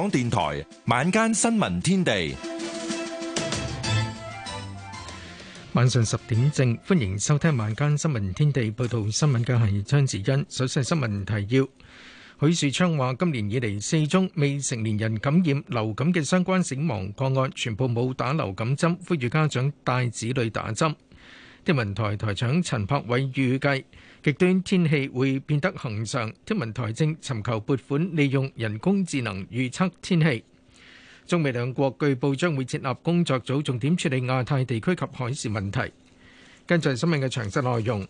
港電台晚間新聞天地，晚上十點正，歡迎收聽晚間新聞天地報道新聞嘅係張子欣。首先新聞提要：許樹昌話，今年以嚟四宗未成年人感染流感嘅相關死亡個案，全部冇打流感針，呼籲家長帶子女打針。天文台台長陳柏偉預計。極端天氣會變得恆常，天文台正尋求撥款，利用人工智能預測天氣。中美兩國據報將會設立工作組，重點處理亞太地區及海事問題。跟進新聞嘅詳細內容。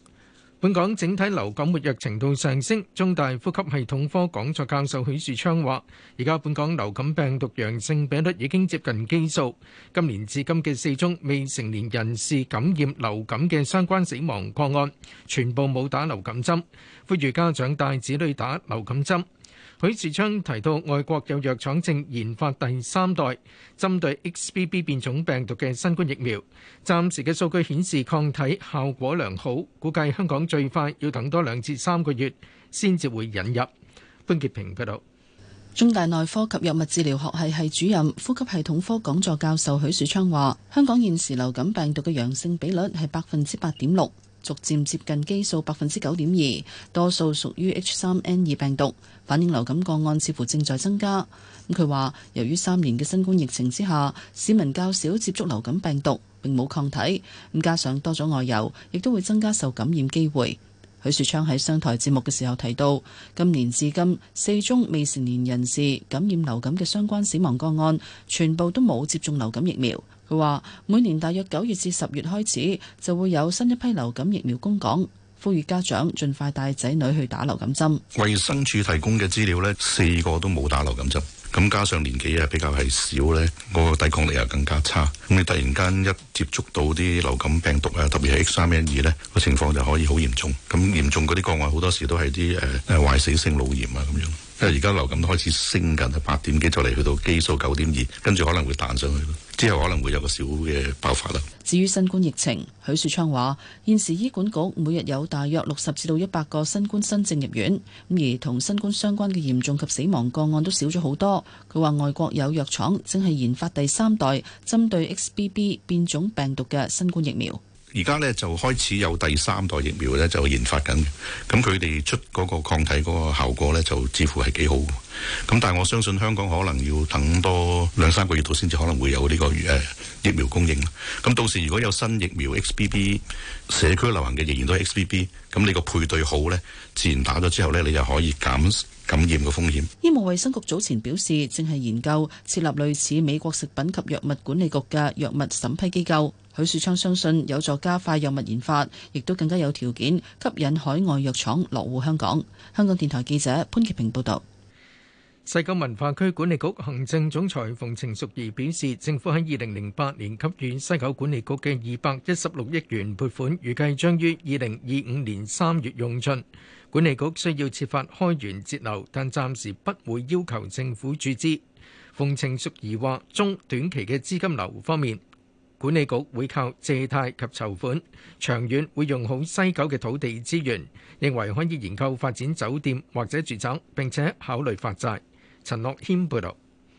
本港整體流感活躍程度上升，中大呼吸系統科講座教授許樹昌話，而家本港流感病毒陽性比率已經接近基數。今年至今嘅四宗未成年人士感染流感嘅相關死亡個案，全部冇打流感針，呼籲家長帶子女打流感針。許樹昌提到，外國有藥廠正研發第三代針對 XBB 變種病毒嘅新冠疫苗，暫時嘅數據顯示抗體效果良好，估計香港最快要等多兩至三個月先至會引入。潘潔平報道，中大內科及藥物治療學系系主任、呼吸系統科講座教授許樹昌話：香港現時流感病毒嘅陽性比率係百分之八點六。逐漸接近基數百分之九點二，多數屬於 H 三 N 二病毒，反映流感個案似乎正在增加。咁佢話，由於三年嘅新冠疫情之下，市民較少接觸流感病毒，並冇抗體，咁加上多咗外遊，亦都會增加受感染機會。許樹昌喺商台節目嘅時候提到，今年至今四宗未成年人士感染流感嘅相關死亡個案，全部都冇接種流感疫苗。佢話：每年大約九月至十月開始就會有新一批流感疫苗供港，呼籲家長盡快帶仔女去打流感針。衞生署提供嘅資料呢，四個都冇打流感針，咁加上年紀啊，比較係少呢，嗰個抵抗力又更加差，咁你突然間一接觸到啲流感病毒啊，特別係 H3N2，呢個情況就可以好嚴重。咁嚴重嗰啲個案好多時都係啲誒誒壞死性腦炎啊，咁樣。因為而家流感開始升緊，八點幾再嚟去到基數九點二，跟住可能會彈上去，之後可能會有個小嘅爆發啦。至於新冠疫情，許樹昌話現時醫管局每日有大約六十至到一百個新冠新症入院，咁而同新冠相關嘅嚴重及死亡個案都少咗好多。佢話外國有藥廠正係研發第三代針對 XBB 變種病毒嘅新冠疫苗。而家咧就開始有第三代疫苗咧就研發緊，咁佢哋出嗰個抗體嗰個效果咧就似乎係幾好，咁但係我相信香港可能要等多兩三個月度先至可能會有呢、這個誒、呃、疫苗供應，咁到時如果有新疫苗 XBB 社區流行嘅仍然都係 XBB，咁你個配對好呢，自然打咗之後呢，你就可以減。感染嘅風險，醫務衛生局早前表示，正係研究設立類似美國食品及藥物管理局嘅藥物審批機構，許樹昌相信有助加快藥物研發，亦都更加有條件吸引海外藥廠落戶香港。香港電台記者潘潔平報道。西九文化區管理局行政總裁馮程淑儀表示，政府喺二零零八年給予西九管理局嘅二百一十六億元撥款，預計將於二零二五年三月用盡。管理局需要設法開源節流，但暫時不會要求政府注資。馮程淑儀話：中短期嘅資金流方面，管理局會靠借貸及籌款，長遠會用好西九嘅土地資源，認為可以研究發展酒店或者住宅，並且考慮發債。陳樂謙報導。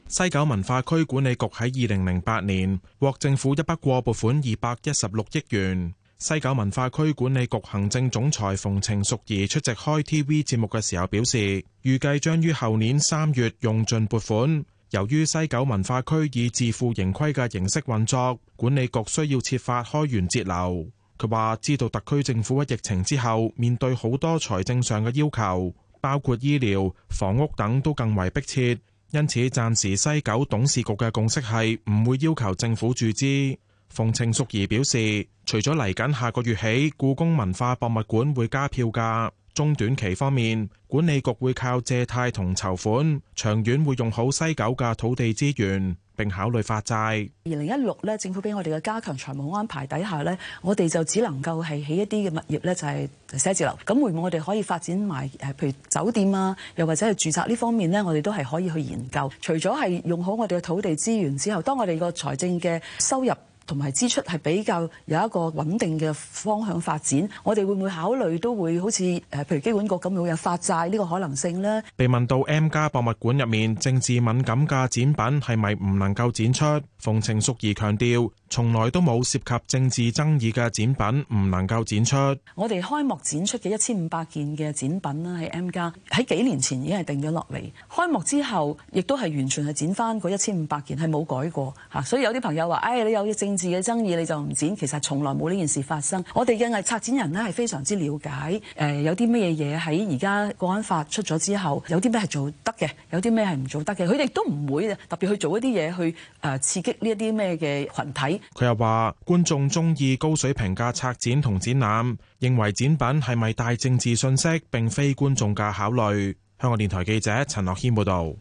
西九文化區管理局喺二零零八年獲政府一筆過撥款二百一十六億元。西九文化區管理局行政總裁馮程淑儀出席開 TV 節目嘅時候表示，預計將於後年三月用盡撥款。由於西九文化區以自負盈虧嘅形式運作，管理局需要設法開源節流。佢話知道特區政府喺疫情之後面對好多財政上嘅要求，包括醫療、房屋等都更為迫切，因此暫時西九董事局嘅共識係唔會要求政府注資。馮程淑儀表示，除咗嚟緊下個月起，故宮文化博物館會加票價。中短期方面，管理局會靠借貸同籌款，長遠會用好西九嘅土地資源，並考慮發債。二零一六咧，政府俾我哋嘅加強財務安排底下呢，我哋就只能夠係起一啲嘅物業呢，就係寫字樓。咁會唔會我哋可以發展埋誒，譬如酒店啊，又或者係住宅呢方面呢，我哋都係可以去研究。除咗係用好我哋嘅土地資源之後，當我哋個財政嘅收入。同埋支出係比較有一個穩定嘅方向發展，我哋會唔會考慮都會好似誒，譬如機管局咁樣，有發債呢個可能性咧？被問到 M+ 博物館入面政治敏感嘅展品係咪唔能夠展出？馮程淑儀強調，從來都冇涉及政治爭議嘅展品唔能夠展出。我哋開幕展出嘅一千五百件嘅展品啦，喺 M+，喺幾年前已經係定咗落嚟，開幕之後亦都係完全係展翻嗰一千五百件，係冇改過吓。所以有啲朋友話：誒、哎，你有政治嘅爭議你就唔展。」其實從來冇呢件事發生。我哋嘅藝策展人呢，係非常之了解，誒、呃，有啲咩嘢嘢喺而家國安法出咗之後，有啲咩係做得嘅，有啲咩係唔做得嘅，佢哋都唔會特別去做一啲嘢去誒刺激。呢一啲咩嘅群體？佢又話觀眾中意高水平嘅策展同展覽，認為展品係咪帶政治信息，並非觀眾嘅考慮。香港電台記者陳樂謙報道。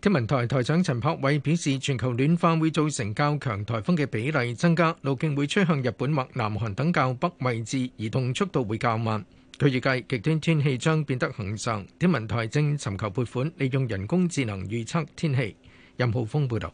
天文台台長陳柏偉表示，全球暖化會造成較強颱風嘅比例增加，路徑會趨向日本或南韓等較北位置，移動速度會較慢。佢預計極端天氣將變得恆常。天文台正尋求撥款，利用人工智能預測天氣。任浩峰報道。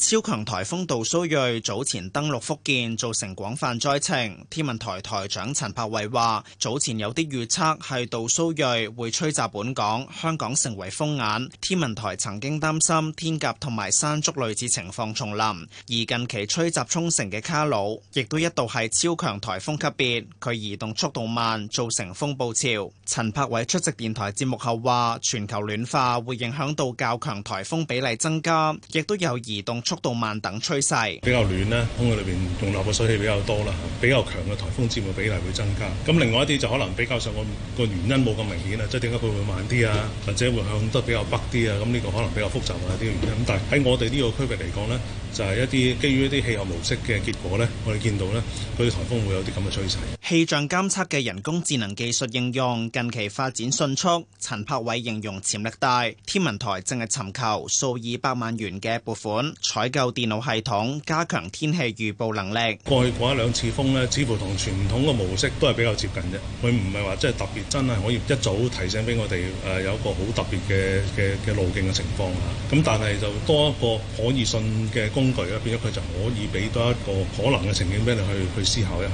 超強颱風杜蘇芮早前登陸福建，造成廣泛災情。天文台台長陳柏偉話：早前有啲預測係杜蘇芮會吹襲本港，香港成為風眼。天文台曾經擔心天鴿同埋山竹類似情況重臨。而近期吹襲沖繩嘅卡努，亦都一度係超強颱風級別。佢移動速度慢，造成風暴潮。陳柏偉出席電台節目後話：全球暖化會影響到較強颱風比例增加，亦都有移動。速度慢等趨勢比較暖啦。空氣裏邊用流嘅水氣比較多啦，比較強嘅台風佔嘅比例會增加。咁另外一啲就可能比較上個個原因冇咁明顯啊，即係點解佢會慢啲啊，或者會向得比較北啲啊，咁呢個可能比較複雜啊啲嘅原因。咁但係喺我哋呢個區域嚟講咧。就係一啲基於一啲氣候模式嘅結果呢，我哋見到呢，佢颱風會有啲咁嘅趨勢。氣象監測嘅人工智能技術應用近期發展迅速，陳柏偉形容潛力大。天文台正係尋求數以百萬元嘅撥款，採購電腦系統，加強天氣預報能力。過去過一兩次風呢，似乎同傳統嘅模式都係比較接近嘅。佢唔係話真係特別，真係可以一早提醒俾我哋誒、呃、有一個好特別嘅嘅嘅路徑嘅情況啊。咁但係就多一個可以信嘅。工具啊，變咗佢就可以俾多一個可能嘅情景俾你去去思考一下，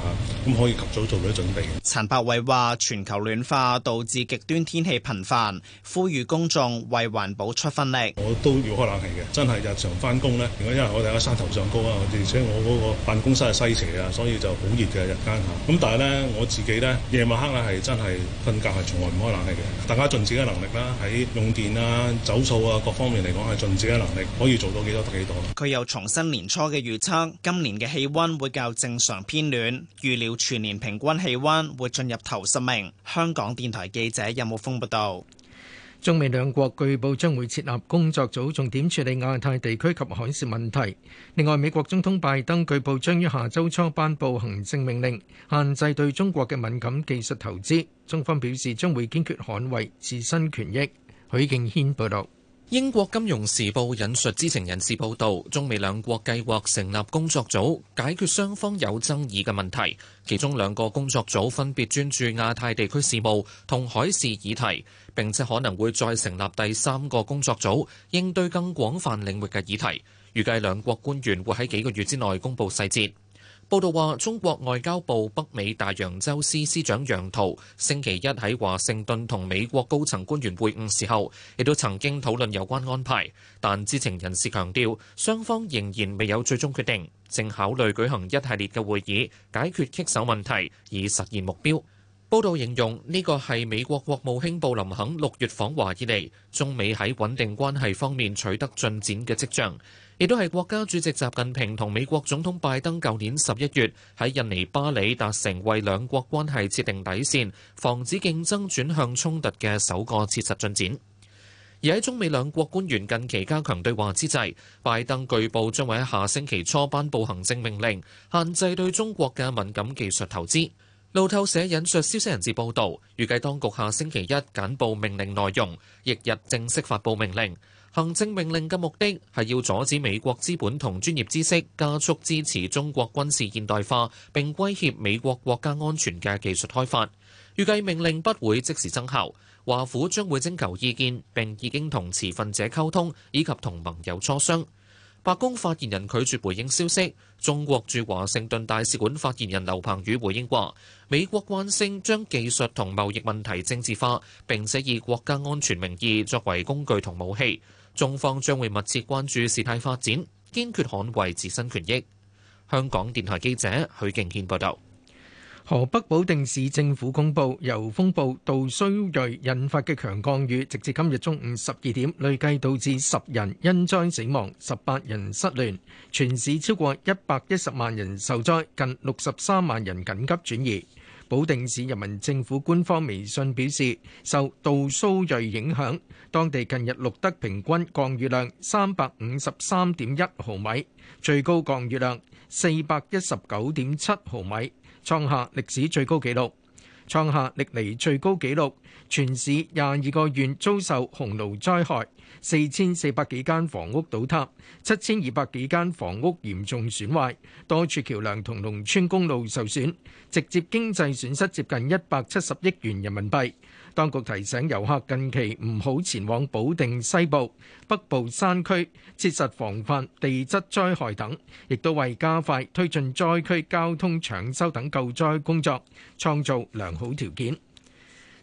咁可以及早做啲準備。陳柏偉話：全球暖化導致極端天氣頻繁，呼籲公眾為環保出分力。我都要開冷氣嘅，真係日常翻工呢。如果因為我哋喺山頭上高啊，而且我嗰個辦公室係西斜啊，所以就好熱嘅日間嚇。咁但係呢，我自己呢，夜晚黑咧係真係瞓覺係從來唔開冷氣嘅。大家盡自己嘅能力啦，喺用電啊、走數啊各方面嚟講係盡自己嘅能力，可以做到幾多得幾多。佢又。重新年初嘅預測，今年嘅氣溫會較正常偏暖，預料全年平均氣溫會進入頭十名。香港電台記者任慕峰報道。中美兩國據報將會設立工作組重點處理亞太地區及海事問題，另外，美國總統拜登據報將於下周初頒布行政命令，限制對中國嘅敏感技術投資，中方表示將會堅決捍衛自身權益。許敬軒報道。英國金融時報引述知情人士報道，中美兩國計劃成立工作組解決雙方有爭議嘅問題。其中兩個工作組分別專注亞太地區事務同海事議題，並且可能會再成立第三個工作組，應對更廣泛領域嘅議題。預計兩國官員會喺幾個月之內公布細節。報道話，中國外交部北美大洋洲司司長楊濤星期一喺華盛頓同美國高層官員會晤時候，亦都曾經討論有關安排，但知情人士強調，雙方仍然未有最終決定，正考慮舉行一系列嘅會議，解決棘手問題，以實現目標。報道形容呢個係美國國務卿布林肯六月訪華以嚟，中美喺穩定關係方面取得進展嘅跡象。亦都係國家主席習近平同美國總統拜登舊年十一月喺印尼巴里達成為兩國關係設定底線，防止競爭轉向衝突嘅首個切實進展。而喺中美兩國官員近期加強對話之際，拜登據報將會喺下星期初頒布行政命令，限制對中國嘅敏感技術投資。路透社引述消息人士報導，預計當局下星期一簡報命令內容，翌日正式發布命令。行政命令嘅目的係要阻止美國資本同專業知識加速支持中國軍事現代化，並威脅美國國家安全嘅技術開發。預計命令不會即時生效，華府將會徵求意見，並已經同持份者溝通，以及同盟友磋商。白宮發言人拒絕回應消息。中國駐華盛頓大使館發言人劉鵬宇回應話，美國慣性將技術同貿易問題政治化，並且以國家安全名義作為工具同武器。中方將會密切關注事態發展，堅決捍衞自身權益。香港電台記者許敬軒報導。河北保定市政府公布，由風暴杜蘇芮引發嘅強降雨，直至今日中午十二點，累計導致十人因災死亡，十八人失聯，全市超過一百一十萬人受災，近六十三萬人緊急轉移。保定市人民政府官方微信表示，受杜蘇芮影響，當地近日錄得平均降雨量三百五十三點一毫米，最高降雨量四百一十九點七毫米，創下歷史最高紀錄，創下歷嚟最高紀錄。全市廿二個縣遭受洪澇災害，四千四百幾間房屋倒塌，七千二百幾間房屋嚴重損壞，多處橋梁同農村公路受損，直接經濟損失接近一百七十億元人民幣。當局提醒遊客近期唔好前往保定西部、北部山區，切實防範地質災害等，亦都為加快推進災區交通搶修等救災工作，創造良好條件。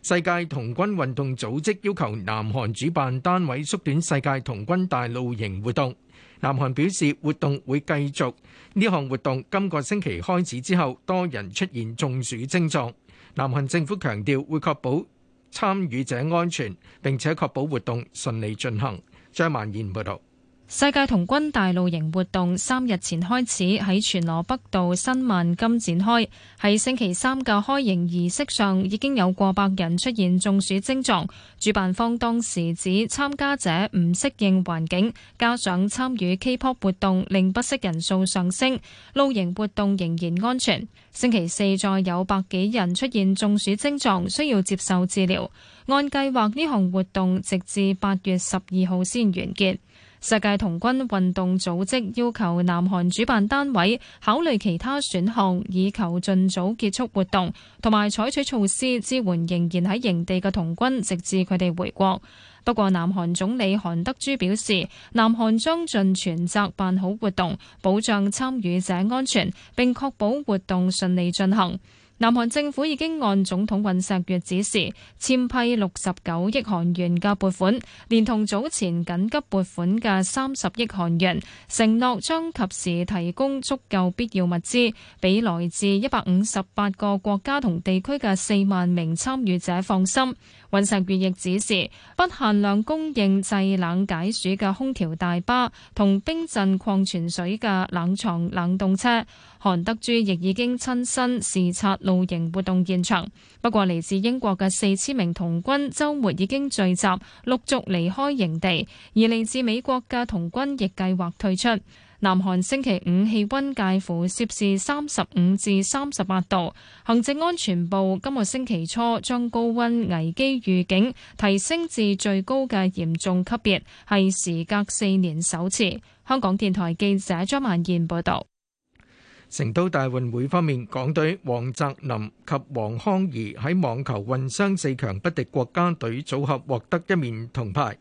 世界童軍運動組織要求南韓主辦單位縮短世界童軍大露營活動。南韓表示活動會繼續。呢項活動今個星期開始之後，多人出現中暑症狀。南韓政府強調會確保參與者安全，並且確保活動順利進行。張曼燕報導。世界童軍大露營活動三日前開始喺全羅北道新萬金展開。喺星期三嘅開營儀式上，已經有過百人出現中暑症狀。主辦方當時指，參加者唔適應環境，加上參與 K-pop 活動，令不適人數上升。露營活動仍然安全。星期四再有百幾人出現中暑症狀，需要接受治療。按計劃呢項活動直至八月十二號先完結。世界童軍運動組織要求南韓主辦單位考慮其他選項，以求盡早結束活動，同埋採取措施支援仍然喺營地嘅童軍，直至佢哋回國。不過，南韓總理韓德珠表示，南韓將盡全責辦好活動，保障參與者安全，並確保活動順利進行。南韓政府已經按總統尹錫悅指示簽批六十九億韓元嘅撥款，連同早前緊急撥款嘅三十億韓元，承諾將及時提供足夠必要物資，俾來自一百五十八個國家同地區嘅四萬名參與者放心。尹錫悅亦指示不限量供應製冷解暑嘅空調大巴同冰鎮礦泉水嘅冷藏冷凍車。韓德珠亦已經親身視察露營活動現場，不過嚟自英國嘅四千名童軍周末已經聚集，陸續離開營地，而嚟自美國嘅童軍亦計劃退出。南韓星期五氣温介乎攝氏三十五至三十八度，行政安全部今個星期初將高温危機預警提升至最高嘅嚴重級別，係時隔四年首次。香港電台記者張萬燕報道。成都大運會方面，港隊黃澤林及黃康怡喺網球混雙四強不敵國家隊組合，獲得一面銅牌。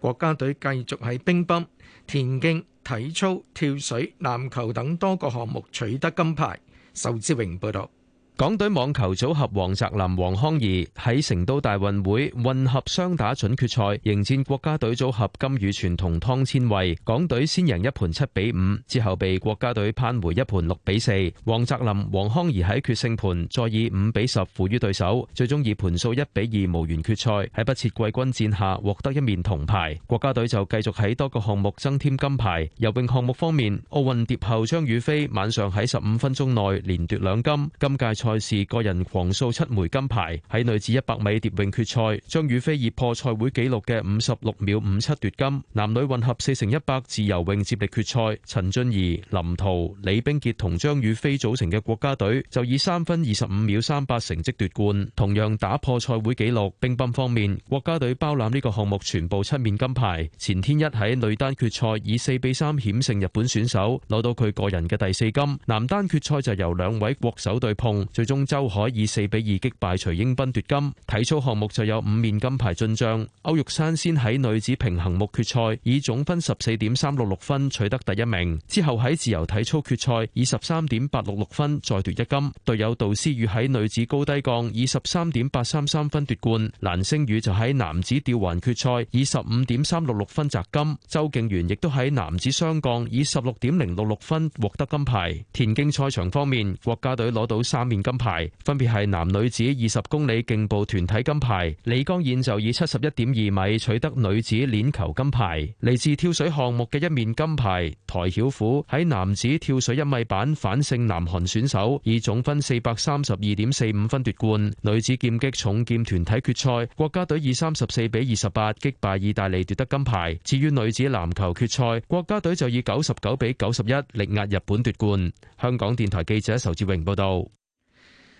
國家隊繼續喺乒乓、田徑、體操、跳水、籃球等多個項目取得金牌。仇志榮報導。港隊網球組合黃澤林、黃康怡喺成都大運會混合雙打準決賽迎戰國家隊組合金宇泉同湯千惠，港隊先贏一盤七比五，之後被國家隊扳回一盤六比四。黃澤林、黃康怡喺決勝盤再以五比十負於對手，最終以盤數一比二無緣決賽。喺不設季軍戰下，獲得一面銅牌。國家隊就繼續喺多個項目增添金牌。游泳項目方面，奧運蝶后張雨霏晚上喺十五分鐘內連奪兩金。今屆賽賽事個人狂掃七枚金牌，喺女子一百米蝶泳決賽，張雨霏以破賽會紀錄嘅五十六秒五七奪金。男女混合四乘一百自由泳接力決賽，陳俊兒、林濤、李冰潔同張雨霏組成嘅國家隊就以三分二十五秒三八成績奪冠，同樣打破賽會紀錄。乒乓方面，國家隊包攬呢個項目全部七面金牌。錢天一喺女單決賽以四比三險勝日本選手，攞到佢個人嘅第四金。男單決賽就由兩位國手對碰。最終周海以四比二擊敗徐英斌奪金，體操項目就有五面金牌進賬。歐玉山先喺女子平衡木決賽以總分十四點三六六分取得第一名，之後喺自由體操決賽以十三點八六六分再奪一金。隊友杜思宇喺女子高低槓以十三點八三三分奪冠，蘭星宇就喺男子吊環決賽以十五點三六六分摘金。周敬源亦都喺男子雙槓以十六點零六六分獲得金牌。田徑賽場方面，國家隊攞到三面。金牌分別係男女子二十公里競步團體金牌，李江燕就以七十一點二米取得女子鏈球金牌；嚟自跳水項目嘅一面金牌，台曉虎喺男子跳水一米板反勝南韓選手，以總分四百三十二點四五分奪冠。女子劍擊重劍團體決賽，國家隊以三十四比二十八擊敗意大利奪得金牌。至於女子籃球決賽，國家隊就以九十九比九十一力壓日本奪冠。香港電台記者仇志榮報道。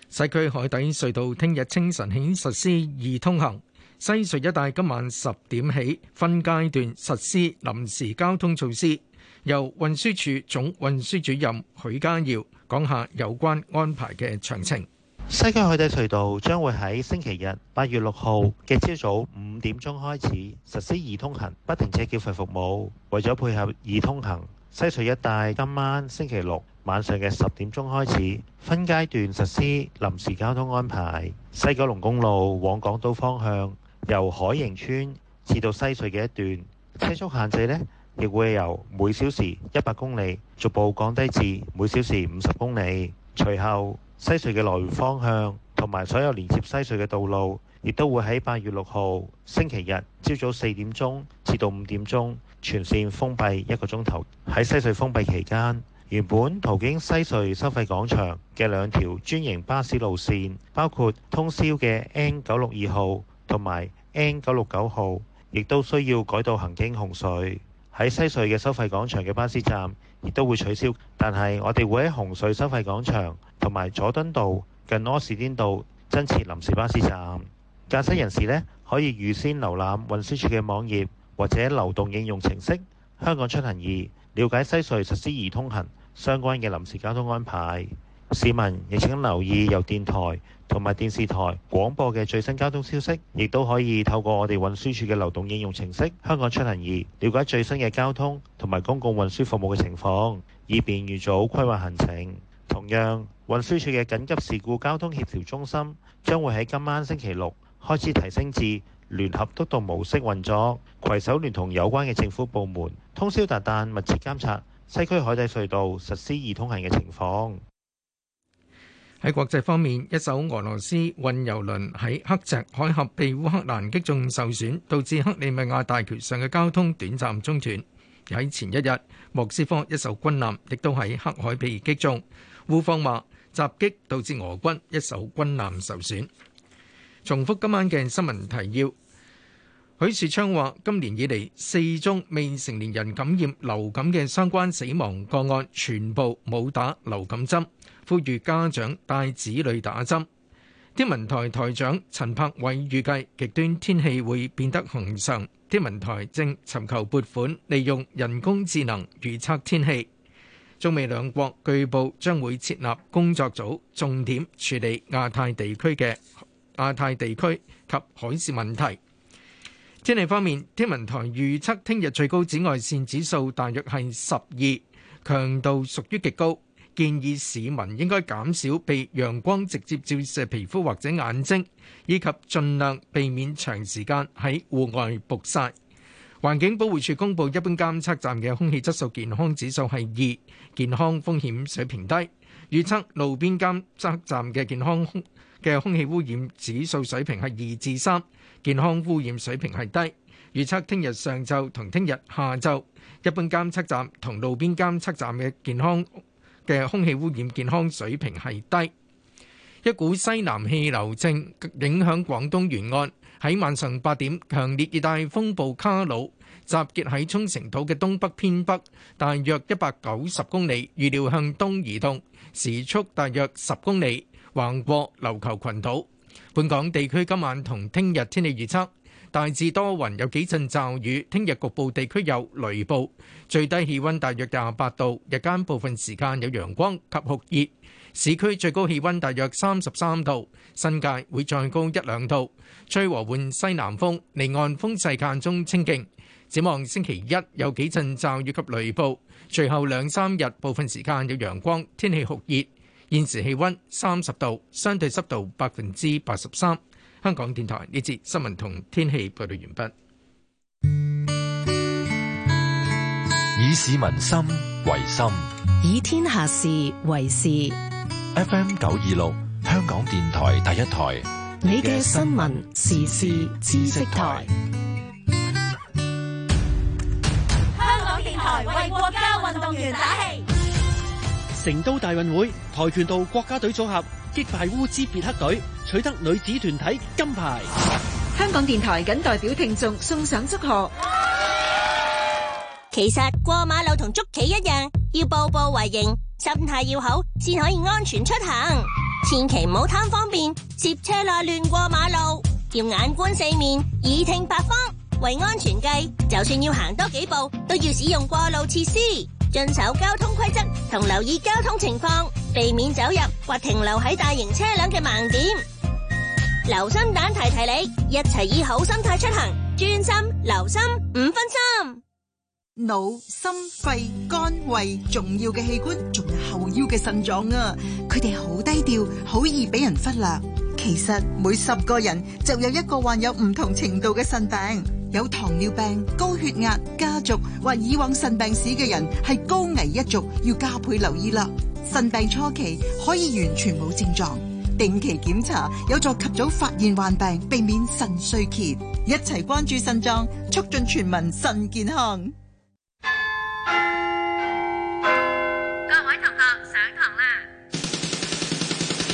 西區海底隧道聽日清晨起實施易通行，西隧一帶今晚十點起分階段實施臨時交通措施。由運輸署總運輸主任許家耀講下有關安排嘅詳情。西區海底隧道將會喺星期日八月六號嘅朝早五點鐘開始實施易通行，不停車繳費服務。為咗配合易通行，西隧一帶今晚星期六，晚上嘅十點鐘開始，分階段實施臨時交通安排。西九龍公路往港島方向，由海盈村至到西隧嘅一段，車速限制呢亦會由每小時一百公里逐步降低至每小時五十公里。隨後，西隧嘅來回方向同埋所有連接西隧嘅道路，亦都會喺八月六號星期日朝早四點鐘至到五點鐘，全線封閉一個鐘頭。喺西隧封閉期間，原本途經西隧收費廣場嘅兩條專營巴士路線，包括通宵嘅 N 九六二號同埋 N 九六九號，亦都需要改道行經紅隧。喺西隧嘅收費廣場嘅巴士站亦都會取消，但係我哋會喺紅隧收費廣場同埋佐敦道近柯士甸道增設臨時巴士站。駕駛人士呢，可以預先瀏覽運輸署嘅網頁或者流動應用程式。香港出行易，了解西隧實施易通行相關嘅臨時交通安排，市民亦請留意由電台同埋電視台廣播嘅最新交通消息，亦都可以透過我哋運輸署嘅流動應用程式《香港出行易》了解最新嘅交通同埋公共運輸服務嘅情況，以便預早規劃行程。同樣，運輸署嘅緊急事故交通協調中心將會喺今晚星期六開始提升至聯合督導模式運作，攜手聯同有關嘅政府部門，通宵達旦密切監察西區海底隧道實施易通行嘅情況。喺國際方面，一艘俄羅斯運油輪喺刻赤海峽被烏克蘭擊中受損，導致克里米亞大橋上嘅交通短暫中斷。喺前一日，莫斯科一艘軍艦亦都喺黑海被擊中，烏方話襲擊導致俄軍一艘軍艦受損。重複今晚嘅新聞提要。許樹昌話：今年以嚟四宗未成年人感染流感嘅相關死亡個案，全部冇打流感針，呼籲家長帶子女打針。天文台台長陳柏偉預計極端天氣會變得恆常。天文台正尋求撥款，利用人工智能預測天氣。中美兩國據報將會設立工作組，重點處理亞太地區嘅亞太地區及海事問題。天氣方面，天文台預測聽日最高紫外線指數大約係十二，強度屬於極高，建議市民應該減少被陽光直接照射皮膚或者眼睛，以及盡量避免長時間喺戶外曝曬。環境保護署公布一般監測站嘅空氣質素健康指數係二，健康風險水平低。預測路邊監測站嘅健康嘅空氣污染指數水平係二至三，健康污染水平係低。預測聽日上晝同聽日下晝，一般監測站同路邊監測站嘅健康嘅空氣污染健康水平係低。一股西南氣流正影響廣東沿岸，喺晚上八點，強烈熱帶風暴卡努集結喺沖繩島嘅東北偏北，大約一百九十公里，預料向東移動。時速大約十公里，橫過琉球群島。本港地區今晚同聽日天氣預測大致多雲，有幾陣驟雨。聽日局部地區有雷暴，最低氣温大約廿八度，日間部分時間有陽光及酷熱。市區最高氣温大約三十三度，新界會再高一兩度。吹和緩西南風，離岸風勢間中清勁。展望星期一有幾陣驟雨及雷暴，隨後兩三日部分時間有陽光，天氣酷熱。現時氣温三十度，相對濕度百分之八十三。香港電台呢節新聞同天氣報道完畢。以市民心為心，以天下事為事。FM 九二六，香港電台第一台。你嘅新聞時事知識台。 為國家運動員打氣。成都大運會跆拳道國家隊組合擊敗烏茲別克隊，取得女子團體金牌。香港電台謹代表聽眾送上祝賀。其實過馬路同捉棋一樣，要步步為營，心態要好，先可以安全出行。千祈唔好貪方便，涉車啦亂過馬路，要眼觀四面，耳聽八方。，為安全計，就算要行多幾步，都要使用過路設施，遵守交通規則同留意交通情況，避免走入或停留喺大型車輛嘅盲點。留心蛋提提你，一齊以好心態出行，專心留心五分心。腦、心、肺、肝、胃，重要嘅器官，仲有後腰嘅腎臟啊！佢哋好低調，好易俾人忽略。其實每十個人就有一個患有唔同程度嘅腎病。有糖尿病、高血壓、家族或以往腎病史嘅人係高危一族，要加倍留意啦。腎病初期可以完全冇症狀，定期檢查有助及早發現患病，避免腎衰竭。一齊關注腎臟，促進全民腎健康。各位同學上堂啦！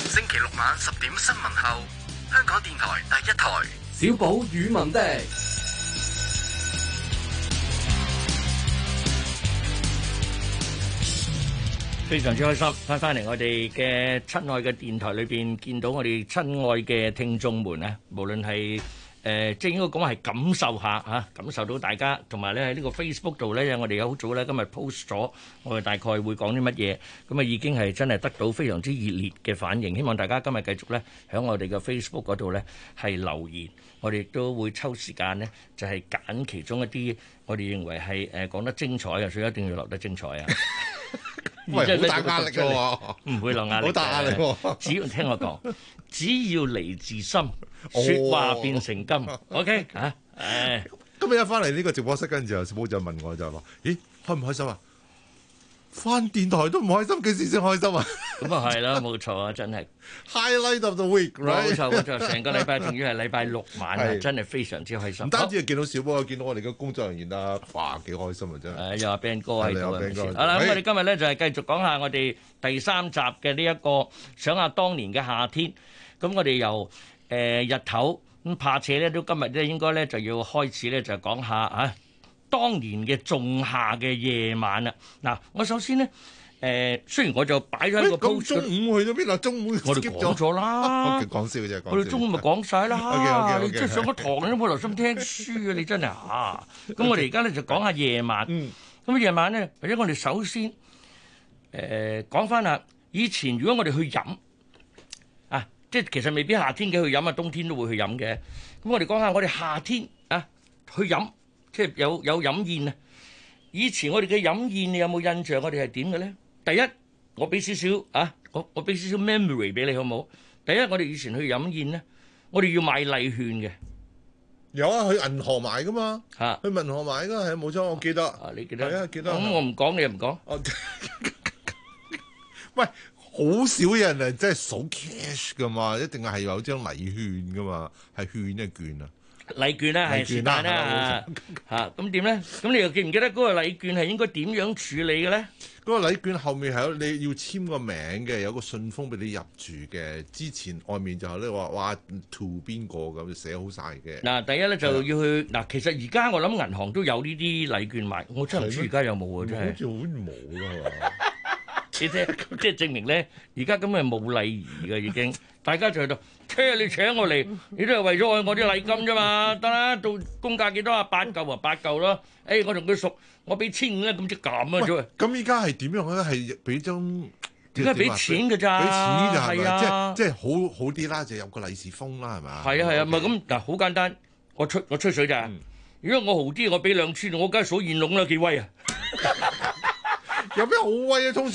星期六晚十點新聞後，香港電台第一台小寶語文的。非常之開心翻翻嚟我哋嘅親愛嘅電台裏邊見到我哋親愛嘅聽眾們啊，無論係誒，即係應該講係感受下啊，感受到大家同埋咧喺呢個 Facebook 度咧，我哋好早咧今日 post 咗我哋大概會講啲乜嘢，咁啊已經係真係得到非常之熱烈嘅反應，希望大家今日繼續咧喺我哋嘅 Facebook 嗰度咧係留言，我哋都會抽時間咧就係揀其中一啲我哋認為係誒講得精彩啊，所以一定要留得精彩啊。唔係，唔會落壓力嘅喎，唔會落壓力，好大壓力喎。只要聽我講， 只要嚟自心，説話變成金。哦、 OK 啊，誒、哎，今日一返嚟呢個直播室嗰陣時候，小寶就問我就係、是、話：咦，開唔開心啊？返電台都唔開心，幾時先開心啊？咁啊， 係啦， 冇錯啊， 真係 highlight of the week，冇錯冇錯，成個禮拜仲要係禮拜六晚 的真係非常之開心。唔單止係見到小波，見到我哋嘅工作人員啦，哇，幾開心啊，真係。誒， 又阿 Ben 哥喺度啊，好啦，咁我哋今日咧就係繼續講下我哋第三集嘅呢一個，想下當年嘅夏天。咁我哋由誒、呃呃、日頭咁怕熱咧，都今日咧應該咧就要開始咧就講下啊。當年嘅仲夏嘅夜晚啊，嗱，我首先呢，誒、呃，雖然我就擺咗一個，喂，中午去到邊啊？Okay, 中午我哋講咗啦，講笑嘅啫，我哋中午咪講晒啦，你即係上個堂都冇留心聽書啊！你真係啊，咁我哋而家咧就講下夜晚，咁夜、 嗯、晚咧，或者我哋首先，誒、呃，講翻下以前，如果我哋去飲啊，即係其實未必夏天嘅去飲啊，冬天都會去飲嘅。咁我哋講下我哋夏天啊去飲，即係有有飲宴啊！以前我哋嘅飲宴，你有冇印象？我哋係點嘅咧？第一，我俾少少啊，我我俾少少 memory 俾你好冇？第一，我哋以前去飲宴咧、啊，我哋要買禮券嘅。有啊，去銀河買噶嘛。嚇，去銀河買應該係冇錯。我記得。啊，你記得？係、啊、記得。咁、嗯啊、我唔講你又唔講。啊、 喂，好少人嚟，即係數 cash 噶嘛，一定係有張禮券噶嘛，係券一券券啊。禮券啦、啊，係、啊、的時間啦、啊，吓，咁點咧？咁你又記唔記得嗰個禮券係應該點樣處理嘅咧？嗰個禮券後面係你要簽個名嘅，有個信封俾你入住嘅，之前外面就係咧話哇 to 邊個咁寫好晒嘅。嗱、啊，第一咧就要去嗱，嗯、其實而家我諗銀行都有呢啲禮券賣，我真唔知而家有冇啊，真係嗎。好似好冇㗎嘛～即係證明咧，而家根本係冇禮儀嘅已經，大家就喺度，即係你請我嚟，你都係為咗我啲禮金啫嘛，得啦，到公價幾多啊？八嚿啊，八嚿咯。誒、欸，我同佢熟，我俾千五咧，咁即係減啊，咋？咁依家係點樣咧？係俾張點解俾錢嘅咋？俾錢就係啊，即係即係好好啲啦，就有個利是封啦，係咪啊？係啊係啊，唔係咁嗱，好簡單，我吹我吹水咋？嗯、如果我豪啲，我俾兩千，我梗係數現龍啦，幾威啊？ 有咩好威啊？通。